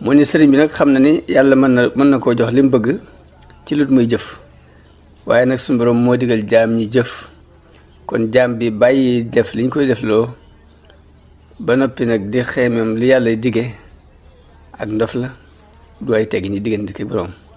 mu ni sëriñ bi nag xam na ni yàlla mën na mën na koo jox li mu bëgg ci lut muy jëf waaye nag suñu borom moo digal jaam ñi jëf kon jaam bi bàyyi def liñ koy def loo ba noppi nag di xeemem li yàlla digge ak ndof la du ay tegg ñi diggante ki borom